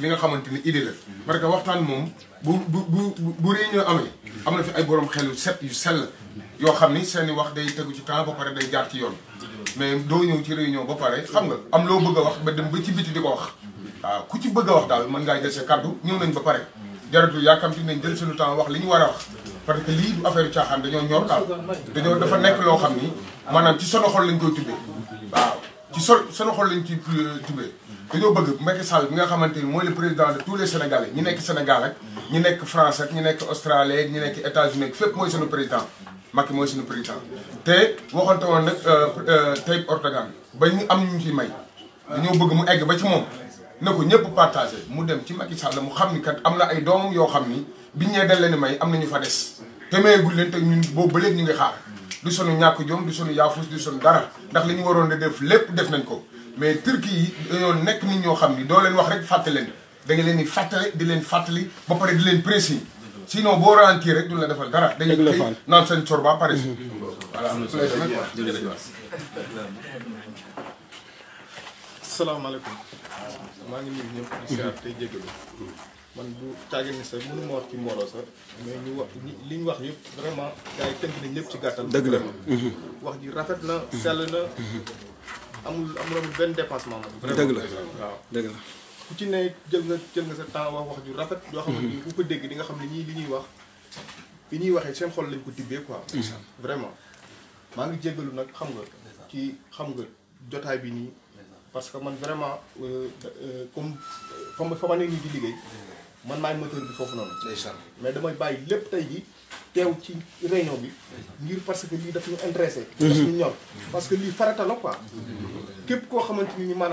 li nga xamante ni idée la parce que waxtaan moom bu bu bu bu réunion amee am na fi ay boroom xel yu set yu sell yoo xam ni seen i wax day tegu ci temps ba pare day jaar ci yoon mais doo ñëw ci réunion ba pare xam nga am loo bëgg a wax ba dem ba ci biti di ko wax waaw ku ci bëgg a wax daal mën ngaa jël sa kàddu ñëw nañ ba pare jaratul yaakamti nañ jël suñu temps wax li ñu war a wax parce que lii du affaire caaxaan dañoo ñor daal dañoo dafa nekk loo xam ni maanaam ci sono xol lañ koy tuddee waaw ci sol xol lañ ci euh, tuddee dañoo bëgg Macky Sall bi nga xamante ni mooy le président de tous les sénégalais ñi nekk Sénégal ak ñi nekk France ak ñi nekk Australie ak ñi nekk États-Unis ak fépp mooy sunu président Macky mooy sunu président te waxante woon nag euh, euh, Tayyip Erdogan ba ñu am ñu ci may dañoo bëgg mu egg ba ci moom ne ko ñëpp partagé mu dem ci Macky Sall mu xam ni kat am na ay doom yoo xam ni biñ ñee dal leen may am na ñu fa des te mayegul leen te ñun boobu ba ñu ngi xaar du sunu ñàkk jom du sunu yaafus du sunu dara ndax li waroon a lépp def nañ ko mais turki yi dañoo nekk nit ñoo xam ni doo leen wax rek fàttali leen da leen di fàttali di leen fàttali ba pare di leen pressi sinon boo ralenti rek du la defal dara. dañuy kii naan seen cor ba pare. voilà salaamaaleykum. maa ngi nuyu ñëpp di siyaar tey bu caagin ni sax mënu ma wax ci mbooloo sa mais ñu wax li ñu wax yëpp vraiment gars yi ñëpp ci gàttal. dëgg la wax ji rafet na sell na. Mm-hmm. amul amul amul benn dépassement moom. dëgg la waaw dëgg la. ku ci ne jël nga jël nga sa temps wax wax ju rafet. yoo xam ne mhm. ku ko dégg di nga xam ne ñii li ñuy wax fi ñuy waxee seen xol lañ ko tibbee quoi. Mhm. vraiment maa ngi jéggalu nag xam nga ci xam nga jotaay bi nii. parce que man vraiment euh, euh, comme fa ma fa ma ne nii di liggéey. man maay moteur bi foofu noonu. mais damay bàyyi lépp tey ji teew ci réunion bi. ngir parce que lii daf ñu intéressé. Mhm. daf ñu ñor parce que lii faratal la quoi. képp koo xamante ni maanaam